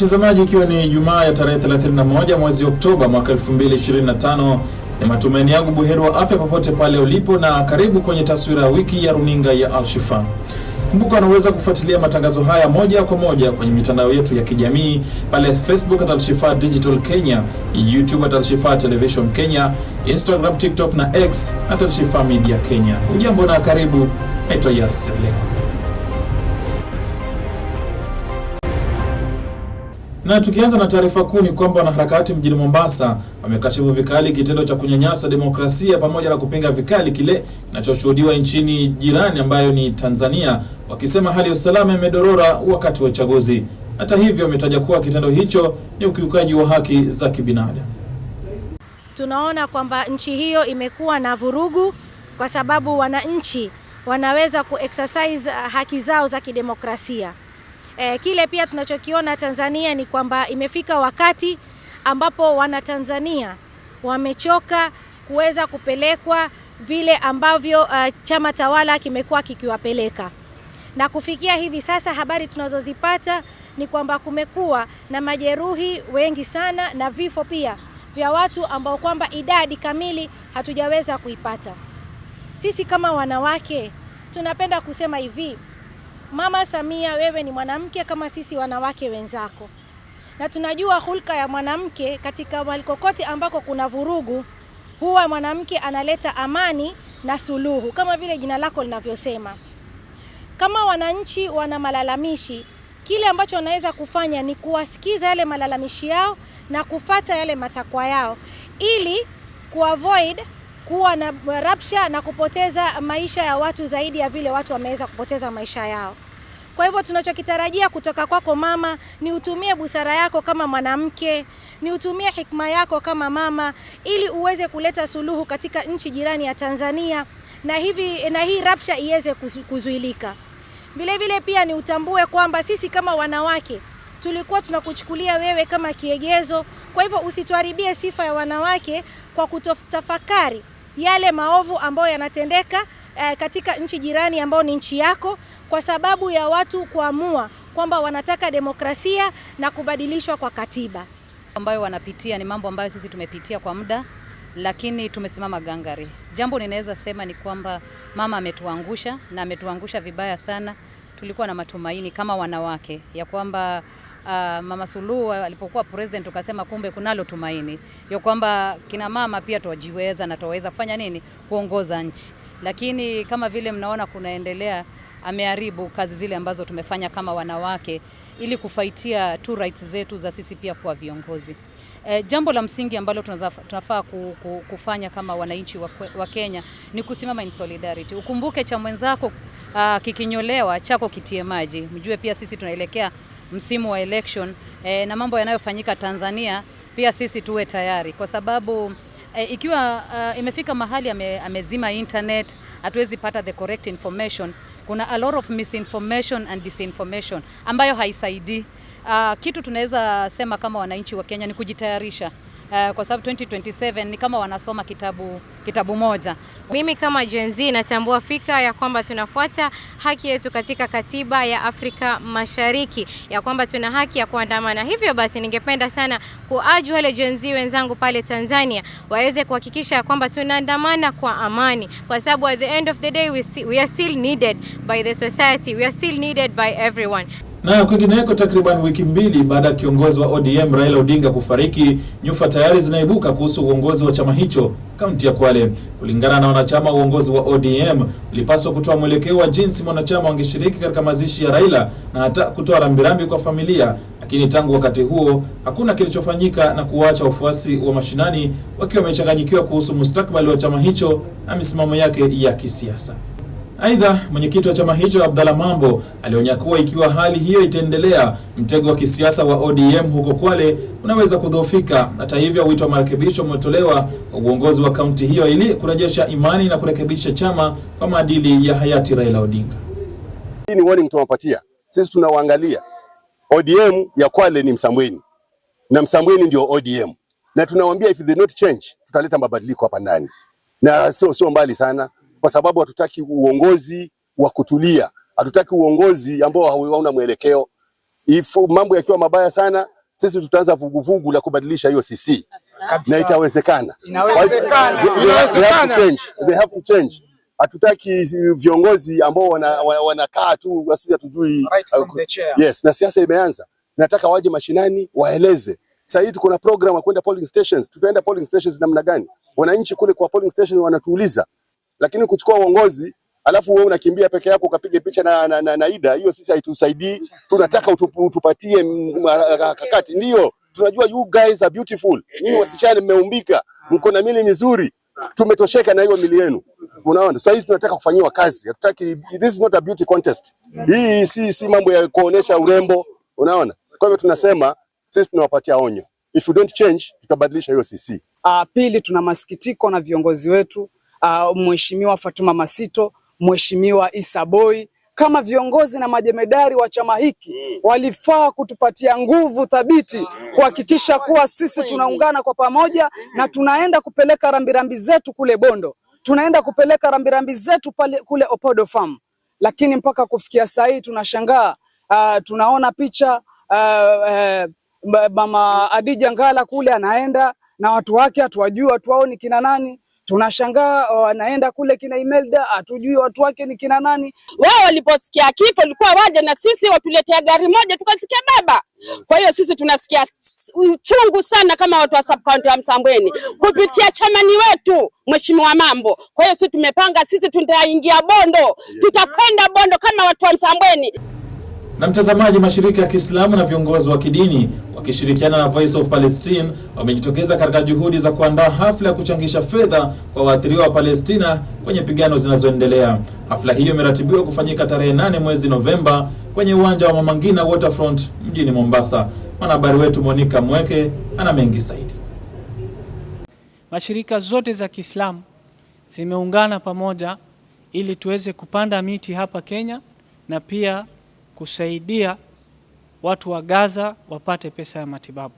mtazamaji, ikiwa ni Jumaa ya tarehe 31 mwezi Oktoba mwaka 2025, ni matumaini yangu buheri wa afya popote pale ulipo, na karibu kwenye taswira ya wiki ya runinga ya Alshifa. Kumbuka unaweza kufuatilia matangazo haya moja kwa moja kwenye mitandao yetu ya kijamii pale Facebook at Alshifa Digital Kenya, YouTube at Alshifa Television Kenya, Instagram, TikTok na X at Alshifa Media Kenya. Ujambo na karibu, naitwa Yasir leo Na tukianza na taarifa kuu ni kwamba wanaharakati mjini Mombasa wamekashifu vikali kitendo cha kunyanyasa demokrasia pamoja na kupinga vikali kile kinachoshuhudiwa nchini jirani ambayo ni Tanzania, wakisema hali ya usalama imedorora wakati wa uchaguzi. Hata hivyo, wametaja kuwa kitendo hicho ni ukiukaji wa haki za kibinadamu. Tunaona kwamba nchi hiyo imekuwa na vurugu kwa sababu wananchi wanaweza kuexercise uh, haki zao za kidemokrasia. E, kile pia tunachokiona Tanzania ni kwamba imefika wakati ambapo Wanatanzania wamechoka kuweza kupelekwa vile ambavyo uh, chama tawala kimekuwa kikiwapeleka na kufikia hivi sasa, habari tunazozipata ni kwamba kumekuwa na majeruhi wengi sana na vifo pia vya watu ambao kwamba idadi kamili hatujaweza kuipata. Sisi kama wanawake tunapenda kusema hivi Mama Samia, wewe ni mwanamke kama sisi wanawake wenzako, na tunajua hulka ya mwanamke katika malikokoti ambako kuna vurugu, huwa mwanamke analeta amani na suluhu, kama vile jina lako linavyosema. Kama wananchi wana malalamishi, kile ambacho wanaweza kufanya ni kuwasikiza yale malalamishi yao na kufata yale matakwa yao ili kuavoid kuwa na rapsha na kupoteza maisha ya watu zaidi ya vile watu wameweza kupoteza maisha yao. Kwa hivyo tunachokitarajia kutoka kwako mama ni utumie busara yako kama mwanamke, ni utumie hikma yako kama mama ili uweze kuleta suluhu katika nchi jirani ya Tanzania na hivi, na hii rapsha iweze kuzuilika. Vile vile pia ni utambue kwamba sisi kama wanawake tulikuwa tunakuchukulia wewe kama kiegezo. Kwa hivyo usituharibie sifa ya wanawake kwa kutotafakari yale maovu ambayo yanatendeka eh, katika nchi jirani ambayo ni nchi yako, kwa sababu ya watu kuamua kwamba wanataka demokrasia na kubadilishwa kwa katiba. Ambayo wanapitia ni mambo ambayo sisi tumepitia kwa muda, lakini tumesimama gangari. Jambo ninaweza sema ni kwamba mama ametuangusha na ametuangusha vibaya sana. Tulikuwa na matumaini kama wanawake ya kwamba uh, Mama Suluhu alipokuwa president, ukasema kumbe kunalo tumaini ya kwamba kina mama pia tuwajiweza na twaweza kufanya nini, kuongoza nchi. Lakini kama vile mnaona kunaendelea, ameharibu kazi zile ambazo tumefanya kama wanawake ili kufaitia tu rights zetu za sisi pia kuwa viongozi. E, jambo la msingi ambalo tunafaa kufanya kama wananchi wa, wa Kenya ni kusimama in solidarity. Ukumbuke cha mwenzako uh, kikinyolewa chako kitie maji. Mjue pia sisi tunaelekea msimu wa election e, na mambo yanayofanyika Tanzania pia sisi tuwe tayari kwa sababu e, ikiwa uh, imefika mahali ame, amezima internet hatuwezi pata the correct information. Kuna a lot of misinformation and disinformation ambayo haisaidii. Uh, kitu tunaweza sema kama wananchi wa Kenya ni kujitayarisha uh, kwa sababu 2027 ni kama wanasoma kitabu, kitabu moja. Mimi kama Gen Z natambua fika ya kwamba tunafuata haki yetu katika katiba ya Afrika Mashariki ya kwamba tuna haki ya kuandamana. Hivyo basi, ningependa sana kuaju wale Gen Z wenzangu pale Tanzania waweze kuhakikisha ya kwamba tunaandamana kwa amani, kwa sababu at the end of the day we, sti we are still needed by the society, we are still needed by everyone. Na kwingineko, takriban wiki mbili baada ya kiongozi wa ODM Raila Odinga kufariki, nyufa tayari zinaibuka kuhusu uongozi wa chama hicho kaunti ya Kwale. Kulingana na wanachama, uongozi wa ODM ulipaswa kutoa mwelekeo wa jinsi mwanachama wangeshiriki katika mazishi ya Raila na hata kutoa rambirambi kwa familia, lakini tangu wakati huo hakuna kilichofanyika na kuwaacha wafuasi wa mashinani wakiwa wamechanganyikiwa kuhusu mustakabali wa chama hicho na misimamo yake ya kisiasa. Aidha, mwenyekiti wa chama hicho Abdalla Mambo alionya kuwa ikiwa hali hiyo itaendelea, mtego wa kisiasa wa ODM huko Kwale unaweza kudhoofika. Hata hivyo, wito wa marekebisho umetolewa kwa uongozi wa kaunti hiyo ili kurejesha imani na kurekebisha chama kwa maadili ya hayati Raila Odinga. Hii ni warning tunawapatia sisi, tunawaangalia ODM ya Kwale ni Msambweni na Msambweni ndio ODM, na tunawaambia if they not change, tutaleta mabadiliko hapa ndani na sio sio mbali sana kwa sababu hatutaki uongozi wa kutulia, hatutaki uongozi ambao hauna mwelekeo. Ifu mambo yakiwa mabaya sana, sisi tutaanza vuguvugu la kubadilisha hiyo CC na itawezekana. Hatutaki viongozi ambao wanakaa wana wana tu na sisi hatujui right uh, Yes, na siasa imeanza. Nataka waje mashinani waeleze. Sasa hii tuko na program ya kwenda polling stations. Tutaenda polling stations namna gani? Wananchi kule kwa polling stations wanatuuliza lakini kuchukua uongozi alafu wewe unakimbia peke yako ukapiga picha na, na, na, na Ida, hiyo sisi haitusaidii. Tunataka utup, utupatie kakati, ndio tunajua you guys are beautiful, nyinyi wasichana mmeumbika, mko na mili mizuri, tumetosheka na hiyo mili yenu. Unaona, sasa hizi tunataka kufanyiwa kazi, hatutaki. This is not a beauty contest. Hii si si mambo ya kuonesha urembo, unaona. Kwa hivyo tunasema sisi tunawapatia onyo, if you don't change, tutabadilisha hiyo CC. Uh, ah, pili, tuna masikitiko na viongozi wetu uh, Mheshimiwa Fatuma Masito, Mheshimiwa Isa Boy kama viongozi na majemedari wa chama hiki mm. walifaa kutupatia nguvu thabiti kuhakikisha kuwa sisi tunaungana kwa pamoja mm. na tunaenda kupeleka rambirambi zetu kule Bondo, tunaenda kupeleka rambirambi zetu pale kule Opodo Farm. Lakini mpaka kufikia saa hii tunashangaa, uh, tunaona picha uh, uh, mama Adija Ngala kule anaenda na watu wake, hatuwajui watu wao ni kina nani. Tunashangaa oh, wanaenda kule kina Imelda, hatujui watu wake ni kina nani. Wao waliposikia kifo walikuwa waje na sisi watuletea gari moja, tukasikia baba. Kwa hiyo sisi tunasikia uchungu sana kama watu wa sub county ya Msambweni kupitia chamani wetu Mheshimiwa Mambo. Kwa hiyo sisi tumepanga, sisi tutaingia Bondo, tutakwenda Bondo kama watu wa Msambweni. Na mtazamaji, mashirika ya Kiislamu na viongozi wa kidini wakishirikiana na Voice of Palestine wamejitokeza katika juhudi za kuandaa hafla ya kuchangisha fedha kwa waathiriwa wa Palestina kwenye pigano zinazoendelea. Hafla hiyo imeratibiwa kufanyika tarehe nane mwezi Novemba kwenye uwanja wa Mama Ngina Waterfront mjini Mombasa. Mwanahabari wetu Monica Mweke ana mengi zaidi. Mashirika zote za Kiislamu zimeungana pamoja ili tuweze kupanda miti hapa Kenya na pia kusaidia watu wa Gaza wapate pesa ya matibabu.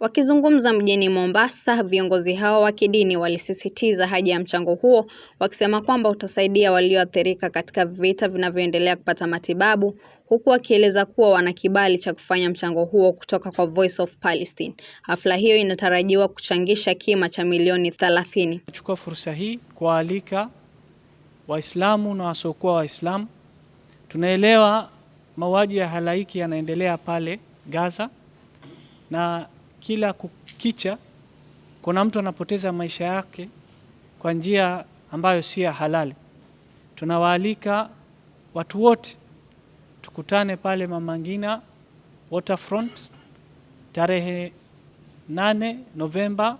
Wakizungumza mjini Mombasa, viongozi hao wa kidini walisisitiza haja ya mchango huo, wakisema kwamba utasaidia walioathirika katika vita vinavyoendelea kupata matibabu, huku wakieleza kuwa wana kibali cha kufanya mchango huo kutoka kwa Voice of Palestine. Hafla hiyo inatarajiwa kuchangisha kima cha milioni 30. Nachukua fursa hii kuwaalika Waislamu na wasiokuwa Waislamu, tunaelewa mauaji ya halaiki yanaendelea pale Gaza, na kila kukicha kuna mtu anapoteza maisha yake kwa njia ambayo si ya halali. Tunawaalika watu wote tukutane pale Mama Ngina Waterfront tarehe 8 Novemba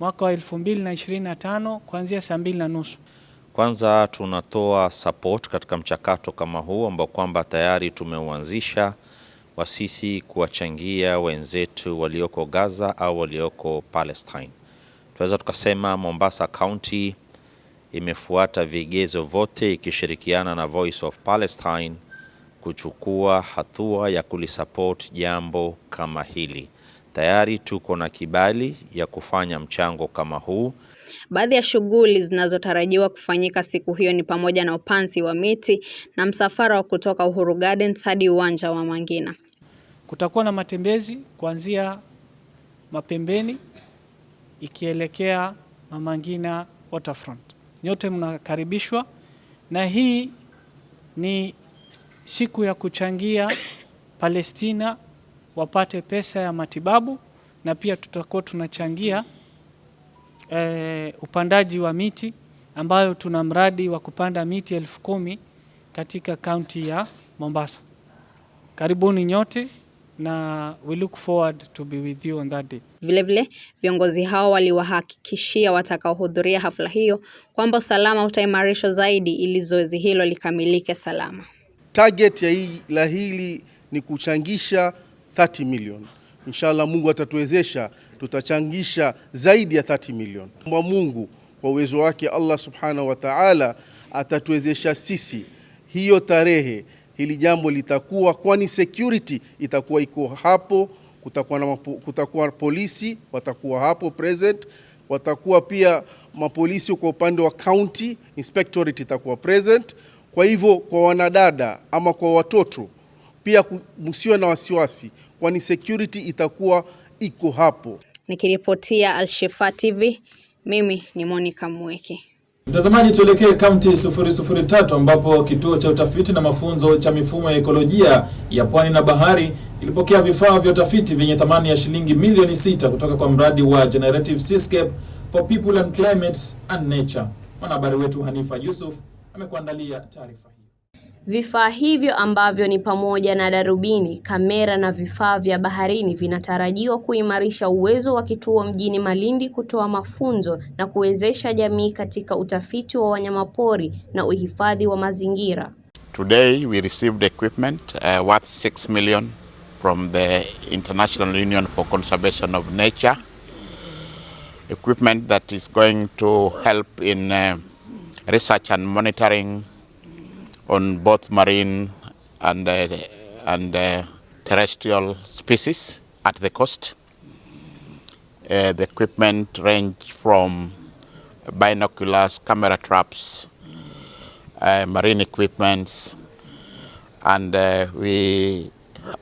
mwaka wa 2025 kuanzia saa mbili na nusu. Kwanza tunatoa support katika mchakato kama huu ambao kwamba tayari tumeuanzisha wa sisi kuwachangia wenzetu walioko Gaza au walioko Palestine. Tunaweza tukasema Mombasa County imefuata vigezo vyote ikishirikiana na Voice of Palestine kuchukua hatua ya kulisupport jambo kama hili. Tayari tuko na kibali ya kufanya mchango kama huu. Baadhi ya shughuli zinazotarajiwa kufanyika siku hiyo ni pamoja na upanzi wa miti na msafara wa kutoka Uhuru Gardens hadi uwanja wa Mangina. Kutakuwa na matembezi kuanzia mapembeni ikielekea Mamangina Waterfront. Nyote mnakaribishwa, na hii ni siku ya kuchangia Palestina wapate pesa ya matibabu na pia tutakuwa tunachangia eh, upandaji wa miti ambayo tuna mradi wa kupanda miti elfu kumi katika kaunti ya Mombasa. Karibuni nyote na we look forward to be with you on that day. Vilevile viongozi hao waliwahakikishia watakaohudhuria hafla hiyo kwamba usalama utaimarishwa zaidi ili zoezi hilo likamilike salama. Target ya hii la hili ni kuchangisha 30 million. Inshallah Mungu atatuwezesha, tutachangisha zaidi ya 30 milioni. Mwa Mungu kwa uwezo wake Allah subhanahu wa ta'ala atatuwezesha sisi hiyo tarehe, hili jambo litakuwa, kwani security itakuwa iko hapo. Kutakuwa, na mapo, kutakuwa polisi watakuwa hapo present, watakuwa pia mapolisi kwa upande wa county inspectorate itakuwa present. Kwa hivyo kwa wanadada ama kwa watoto pia msiwe na wasiwasi, kwani security itakuwa iko hapo. Nikiripotia Alshifa TV, mimi ni Monica Mweke. Mtazamaji, tuelekee kaunti 003 ambapo kituo cha utafiti na mafunzo cha mifumo ya ekolojia ya pwani na bahari ilipokea vifaa vya utafiti vyenye thamani ya shilingi milioni sita kutoka kwa mradi wa Generative Seascape for People and Climate and Nature. Mwanahabari wetu Hanifa Yusuf amekuandalia taarifa. Vifaa hivyo ambavyo ni pamoja na darubini, kamera na vifaa vya baharini vinatarajiwa kuimarisha uwezo wa kituo mjini Malindi kutoa mafunzo na kuwezesha jamii katika utafiti wa wanyamapori na uhifadhi wa mazingira. Today we received equipment uh, worth 6 million from the International Union for Conservation of Nature. Equipment that is going to help in uh, research and monitoring on both marine and, uh, and uh, terrestrial species at the coast. Uh, the equipment range from binoculars, camera traps, uh, marine equipments, and uh, we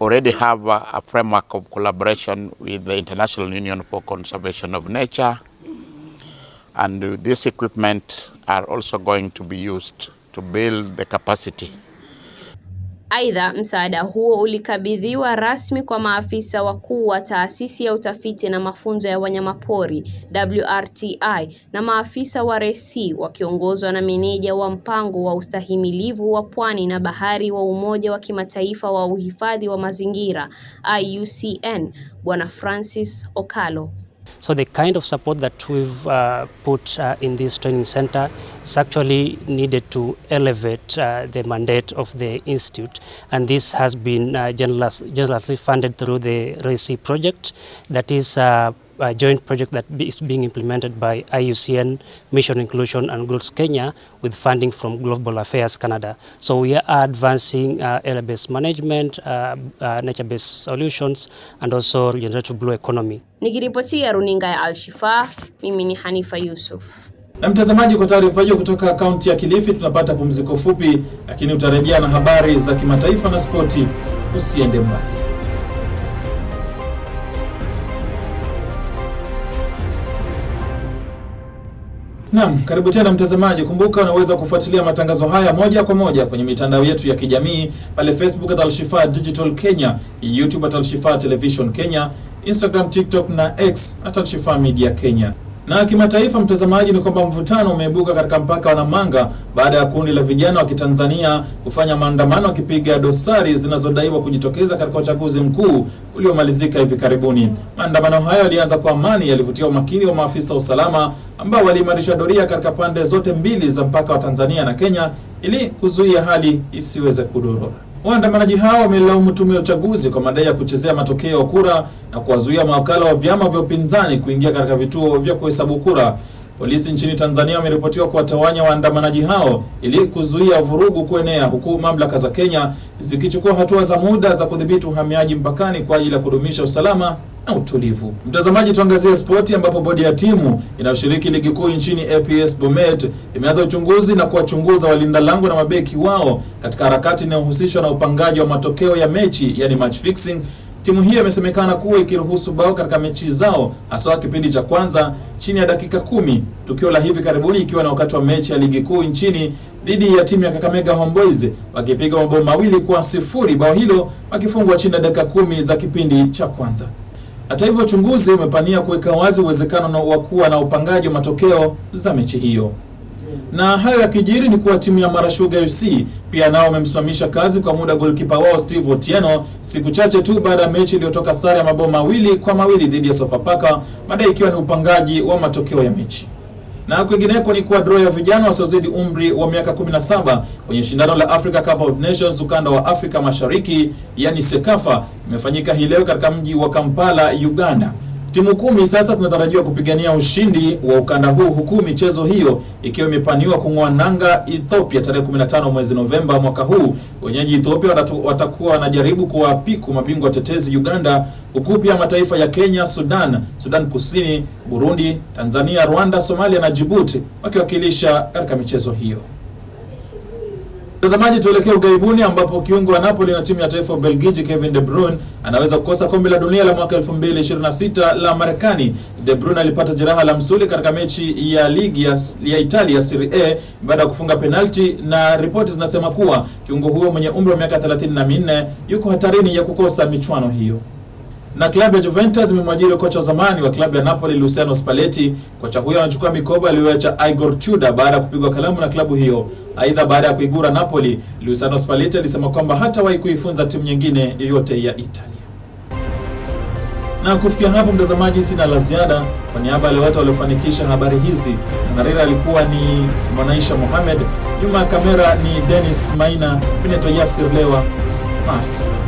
already have a, a framework of collaboration with the International Union for Conservation of Nature, and this equipment are also going to be used to build the capacity. Aidha, msaada huo ulikabidhiwa rasmi kwa maafisa wakuu wa Taasisi ya Utafiti na Mafunzo ya Wanyamapori WRTI na maafisa wa resi wakiongozwa na meneja wa mpango wa ustahimilivu wa pwani na bahari wa Umoja wa Kimataifa wa Uhifadhi wa Mazingira IUCN, Bwana Francis Okalo. So the kind of support that we've uh, put uh, in this training center is actually needed to elevate uh, the mandate of the institute and this has been uh, generously funded through the RACI project that is uh, a joint project that is being implemented by IUCN, Mission Inclusion and Growth Kenya with funding from Global Affairs Canada. So we are advancing uh, area-based management, uh, uh, nature-based solutions and also regenerative blue economy. Nikiripotia runinga ya Alshifa, mimi ni Hanifa Yusuf. Na mtazamaji, kwa taarifa hiyo kutoka kaunti ya Kilifi, tunapata pumziko fupi, lakini utarejea na habari za kimataifa na spoti. Usiende mbali. Naam, karibu tena mtazamaji. Kumbuka unaweza kufuatilia matangazo haya moja kwa moja kwenye mitandao yetu ya kijamii pale Facebook at Alshifa Digital Kenya, YouTube at Alshifa Television Kenya, Instagram, TikTok na X at Alshifa Media Kenya. Na kimataifa, mtazamaji, ni kwamba mvutano umeibuka katika mpaka wa Namanga baada ya kundi la vijana wa Kitanzania kufanya maandamano wakipiga dosari zinazodaiwa kujitokeza katika uchaguzi mkuu uliomalizika hivi karibuni. Maandamano hayo yalianza kwa amani, yalivutia umakini wa maafisa wa usalama ambao waliimarisha doria katika pande zote mbili za mpaka wa Tanzania na Kenya ili kuzuia hali isiweze kudorora. Waandamanaji hao wamelaumu tume ya uchaguzi kwa madai ya kuchezea matokeo ya kura na kuwazuia mawakala wa vyama vya upinzani kuingia katika vituo vya kuhesabu kura. Polisi nchini Tanzania wameripotiwa kuwatawanya waandamanaji hao ili kuzuia vurugu kuenea, huku mamlaka za Kenya zikichukua hatua za muda za kudhibiti uhamiaji mpakani kwa ajili ya kudumisha usalama na utulivu. Mtazamaji, tuangazie spoti ambapo bodi ya timu inayoshiriki ligi kuu nchini APS Bomet imeanza uchunguzi na kuwachunguza walinda lango na mabeki wao katika harakati inayohusishwa na upangaji wa matokeo ya mechi, yani match fixing. Timu hiyo imesemekana kuwa ikiruhusu bao katika mechi zao hasa kipindi cha kwanza chini ya dakika kumi, tukio la hivi karibuni ikiwa na wakati wa mechi ya ligi kuu nchini dhidi ya timu ya Kakamega Homeboys wakipiga mabao mawili kwa sifuri, bao hilo wakifungwa chini ya dakika kumi za kipindi cha kwanza. Hata hivyo, uchunguzi umepania kuweka wazi uwezekano wa kuwa na upangaji wa matokeo za mechi hiyo. Na hayo yakijiri ni kuwa timu ya Mara FC pia nao wamemsimamisha kazi kwa muda golkipa wao Steve Otieno siku chache tu baada ya mechi iliyotoka sare ya mabao mawili kwa mawili dhidi ya Sofapaka, madai ikiwa ni upangaji wa matokeo ya mechi. Na kwingineko ni kwa draw ya vijana wasiozidi umri wa miaka 17 kwenye shindano la Africa Cup of Nations ukanda wa Afrika Mashariki, yani Sekafa, imefanyika hii leo katika mji wa Kampala, Uganda. Timu kumi sasa zinatarajiwa kupigania ushindi wa ukanda huu huku michezo hiyo ikiwa imepaniwa kung'oa nanga Ethiopia tarehe 15 mwezi Novemba mwaka huu. Wenyeji Ethiopia watakuwa wanajaribu kuwapiku mabingwa tetezi Uganda, huku pia mataifa ya Kenya, Sudan, Sudan Kusini, Burundi, Tanzania, Rwanda, Somalia na Djibouti wakiwakilisha katika michezo hiyo. Mtazamaji, tuelekee ugaibuni ambapo kiungo wa Napoli na timu ya taifa ya Ubelgiji Kevin De Bruyne anaweza kukosa kombe la dunia la mwaka 2026 la Marekani. De Bruyne alipata jeraha la msuli katika mechi ya ligi ya, ya Italia Serie A baada ya kufunga penalti, na ripoti zinasema kuwa kiungo huyo mwenye umri wa miaka 34 yuko hatarini ya kukosa michuano hiyo na klabu ya Juventus imemwajiri kocha zamani wa klabu ya Napoli Luciano Spalletti. Kocha huyo anachukua mikoba aliyoacha Igor Tudor baada ya kupigwa kalamu na klabu hiyo. Aidha, baada ya kuigura Napoli, Luciano Spalletti alisema kwamba hatawahi kuifunza timu nyingine yoyote ya Italia. Na kufikia hapo, mtazamaji, sina la ziada. Kwa niaba ya wote waliofanikisha habari hizi, mhariri alikuwa ni Mwanaisha Mohamed, nyuma ya kamera ni Dennis Maina, mimi ni Yasir Lewa. asante.